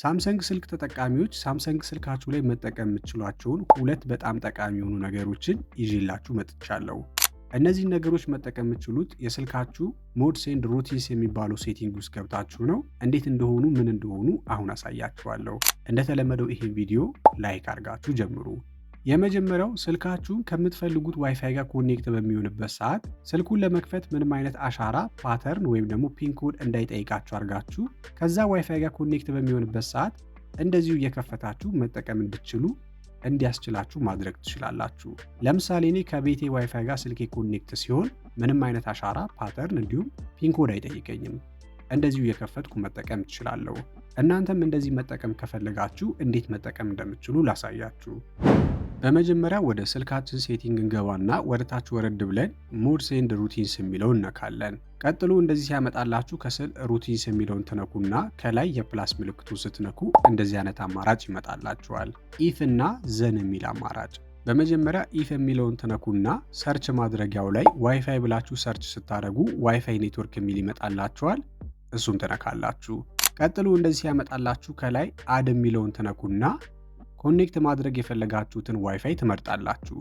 ሳምሰንግ ስልክ ተጠቃሚዎች ሳምሰንግ ስልካችሁ ላይ መጠቀም የምትችሏቸውን ሁለት በጣም ጠቃሚ የሆኑ ነገሮችን ይዤላችሁ መጥቻለሁ። እነዚህን ነገሮች መጠቀም የምትችሉት የስልካችሁ ሞድ ሴንድ ሩቲንስ የሚባለው ሴቲንግ ውስጥ ገብታችሁ ነው። እንዴት እንደሆኑ ምን እንደሆኑ አሁን አሳያችኋለሁ። እንደተለመደው ይሄ ቪዲዮ ላይክ አድርጋችሁ ጀምሩ። የመጀመሪያው ስልካችሁን ከምትፈልጉት ዋይፋይ ጋር ኮኔክት በሚሆንበት ሰዓት ስልኩን ለመክፈት ምንም አይነት አሻራ፣ ፓተርን ወይም ደግሞ ፒንኮድ እንዳይጠይቃችሁ አድርጋችሁ ከዛ ዋይፋይ ጋር ኮኔክት በሚሆንበት ሰዓት እንደዚሁ እየከፈታችሁ መጠቀም እንድችሉ እንዲያስችላችሁ ማድረግ ትችላላችሁ። ለምሳሌ እኔ ከቤቴ ዋይፋይ ጋር ስልኬ ኮኔክት ሲሆን ምንም አይነት አሻራ፣ ፓተርን እንዲሁም ፒንኮድ አይጠይቀኝም። እንደዚሁ እየከፈትኩ መጠቀም ትችላለሁ። እናንተም እንደዚህ መጠቀም ከፈለጋችሁ እንዴት መጠቀም እንደምትችሉ ላሳያችሁ። በመጀመሪያ ወደ ስልካችን ሴቲንግ እንገባና ወደ ታች ወረድ ብለን ሙድ ሴንድ ሩቲንስ የሚለውን እነካለን። ቀጥሎ እንደዚህ ሲያመጣላችሁ ከስል ሩቲንስ የሚለውን ትነኩና ከላይ የፕላስ ምልክቱ ስትነኩ እንደዚህ አይነት አማራጭ ይመጣላችኋል። ኢፍ እና ዘን የሚል አማራጭ በመጀመሪያ ኢፍ የሚለውን ትነኩና ሰርች ማድረጊያው ላይ ዋይፋይ ብላችሁ ሰርች ስታደረጉ ዋይፋይ ኔትወርክ የሚል ይመጣላችኋል። እሱን ትነካላችሁ። ቀጥሎ እንደዚህ ያመጣላችሁ ከላይ አድ የሚለውን ትነኩና ኮኔክት ማድረግ የፈለጋችሁትን ዋይፋይ ትመርጣላችሁ።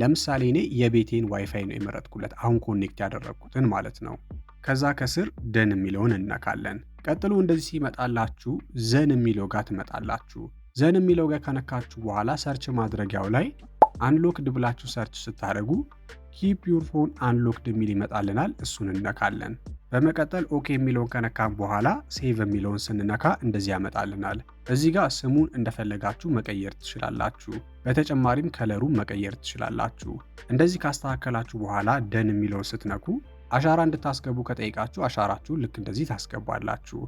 ለምሳሌ እኔ የቤቴን ዋይፋይ ነው የመረጥኩለት፣ አሁን ኮኔክት ያደረግኩትን ማለት ነው። ከዛ ከስር ደን የሚለውን እነካለን። ቀጥሎ እንደዚህ ሲመጣላችሁ ዘን የሚለው ጋር ትመጣላችሁ። ዘን የሚለው ጋር ከነካችሁ በኋላ ሰርች ማድረጊያው ላይ አንሎክድ ብላችሁ ሰርች ስታደርጉ ኪፕ ዩር ፎን አንሎክድ የሚል ይመጣልናል። እሱን እነካለን። በመቀጠል ኦኬ የሚለውን ከነካም በኋላ ሴቭ የሚለውን ስንነካ እንደዚህ ያመጣልናል። እዚህ ጋር ስሙን እንደፈለጋችሁ መቀየር ትችላላችሁ። በተጨማሪም ከለሩን መቀየር ትችላላችሁ። እንደዚህ ካስተካከላችሁ በኋላ ደን የሚለውን ስትነኩ አሻራ እንድታስገቡ ከጠይቃችሁ አሻራችሁን ልክ እንደዚህ ታስገባላችሁ።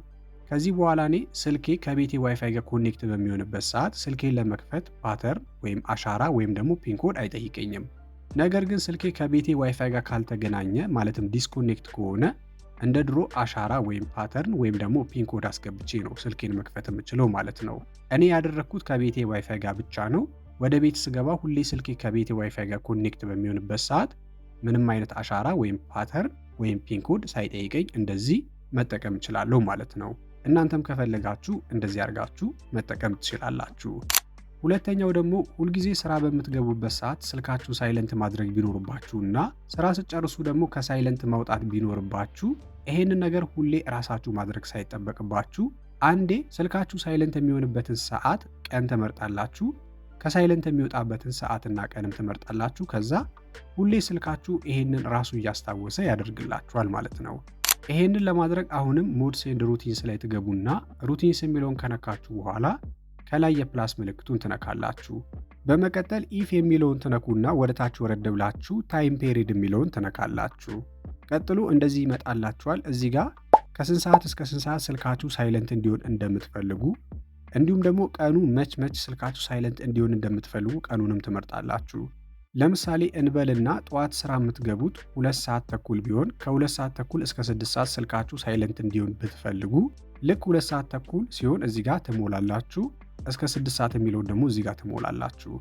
ከዚህ በኋላ እኔ ስልኬ ከቤቴ ዋይፋይ ጋር ኮኔክት በሚሆንበት ሰዓት ስልኬን ለመክፈት ፓተርን ወይም አሻራ ወይም ደግሞ ፒንኮድ አይጠይቀኝም። ነገር ግን ስልኬ ከቤቴ ዋይፋይ ጋር ካልተገናኘ ማለትም ዲስኮኔክት ከሆነ እንደ ድሮ አሻራ ወይም ፓተርን ወይም ደግሞ ፒን ኮድ አስገብቼ ነው ስልኬን መክፈት የምችለው ማለት ነው። እኔ ያደረግኩት ከቤቴ ዋይፋይ ጋር ብቻ ነው። ወደ ቤት ስገባ ሁሌ ስልኬ ከቤቴ ዋይፋይ ጋር ኮኔክት በሚሆንበት ሰዓት ምንም አይነት አሻራ ወይም ፓተርን ወይም ፒን ኮድ ሳይጠይቀኝ እንደዚህ መጠቀም እችላለሁ ማለት ነው። እናንተም ከፈለጋችሁ እንደዚህ አድርጋችሁ መጠቀም ትችላላችሁ። ሁለተኛው ደግሞ ሁልጊዜ ስራ በምትገቡበት ሰዓት ስልካችሁ ሳይለንት ማድረግ ቢኖርባችሁ እና ስራ ስጨርሱ ደግሞ ከሳይለንት ማውጣት ቢኖርባችሁ ይሄንን ነገር ሁሌ ራሳችሁ ማድረግ ሳይጠበቅባችሁ አንዴ ስልካችሁ ሳይለንት የሚሆንበትን ሰዓት ቀን ትመርጣላችሁ። ከሳይለንት የሚወጣበትን ሰዓትና ቀንም ትመርጣላችሁ። ከዛ ሁሌ ስልካችሁ ይሄንን ራሱ እያስታወሰ ያደርግላችኋል ማለት ነው። ይሄንን ለማድረግ አሁንም ሞድ ሴንድ ሩቲንስ ላይ ትገቡና ሩቲንስ የሚለውን ከነካችሁ በኋላ ከላይ የፕላስ ምልክቱን ትነካላችሁ። በመቀጠል ኢፍ የሚለውን ትነኩና ወደ ታች ወረድ ብላችሁ ታይም ፔሪድ የሚለውን ትነካላችሁ። ቀጥሎ እንደዚህ ይመጣላችኋል። እዚህ ጋር ከስንት ሰዓት እስከ ስንት ሰዓት ስልካችሁ ሳይለንት እንዲሆን እንደምትፈልጉ እንዲሁም ደግሞ ቀኑ መች መች ስልካችሁ ሳይለንት እንዲሆን እንደምትፈልጉ ቀኑንም ትመርጣላችሁ። ለምሳሌ እንበልና ጠዋት ስራ የምትገቡት ሁለት ሰዓት ተኩል ቢሆን ከሁለት ሰዓት ተኩል እስከ ስድስት ሰዓት ስልካችሁ ሳይለንት እንዲሆን ብትፈልጉ ልክ ሁለት ሰዓት ተኩል ሲሆን እዚህ ጋር ትሞላላችሁ። እስከ ስድስት ሰዓት የሚለውን ደግሞ እዚህ ጋር ትሞላላችሁ።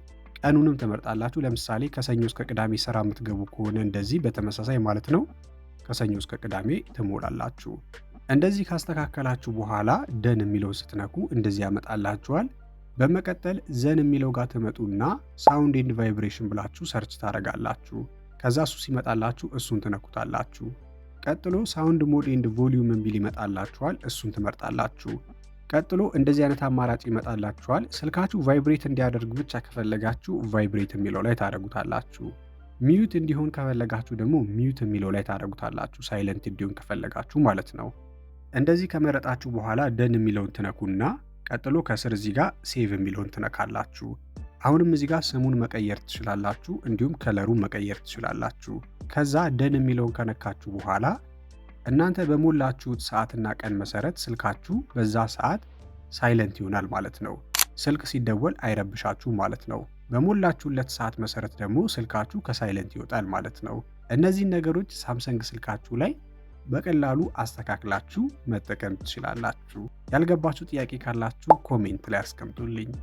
ቀኑንም ትመርጣላችሁ። ለምሳሌ ከሰኞ እስከ ቅዳሜ ስራ የምትገቡ ከሆነ እንደዚህ በተመሳሳይ ማለት ነው ከሰኞ እስከ ቅዳሜ ትሞላላችሁ። እንደዚህ ካስተካከላችሁ በኋላ ደን የሚለው ስትነኩ እንደዚህ ያመጣላችኋል። በመቀጠል ዘን የሚለው ጋር ትመጡና ሳውንድ ኤንድ ቫይብሬሽን ብላችሁ ሰርች ታደርጋላችሁ። ከዛ እሱ ሲመጣላችሁ እሱን ትነኩታላችሁ። ቀጥሎ ሳውንድ ሞድ ኤንድ ቮሊዩም የሚል ይመጣላችኋል። እሱን ትመርጣላችሁ። ቀጥሎ እንደዚህ አይነት አማራጭ ይመጣላችኋል። ስልካችሁ ቫይብሬት እንዲያደርግ ብቻ ከፈለጋችሁ ቫይብሬት የሚለው ላይ ታደርጉታላችሁ። ሚዩት እንዲሆን ከፈለጋችሁ ደግሞ ሚዩት የሚለው ላይ ታደረጉታላችሁ። ሳይለንት እንዲሆን ከፈለጋችሁ ማለት ነው። እንደዚህ ከመረጣችሁ በኋላ ደን የሚለውን ትነኩና ቀጥሎ ከስር እዚህ ጋር ሴቭ የሚለውን ትነካላችሁ። አሁንም እዚህ ጋር ስሙን መቀየር ትችላላችሁ፣ እንዲሁም ከለሩን መቀየር ትችላላችሁ። ከዛ ደን የሚለውን ከነካችሁ በኋላ እናንተ በሞላችሁት ሰዓትና ቀን መሰረት ስልካችሁ በዛ ሰዓት ሳይለንት ይሆናል ማለት ነው። ስልክ ሲደወል አይረብሻችሁ ማለት ነው። በሞላችሁለት ሰዓት መሰረት ደግሞ ስልካችሁ ከሳይለንት ይወጣል ማለት ነው። እነዚህን ነገሮች ሳምሰንግ ስልካችሁ ላይ በቀላሉ አስተካክላችሁ መጠቀም ትችላላችሁ። ያልገባችሁ ጥያቄ ካላችሁ ኮሜንት ላይ አስቀምጡልኝ።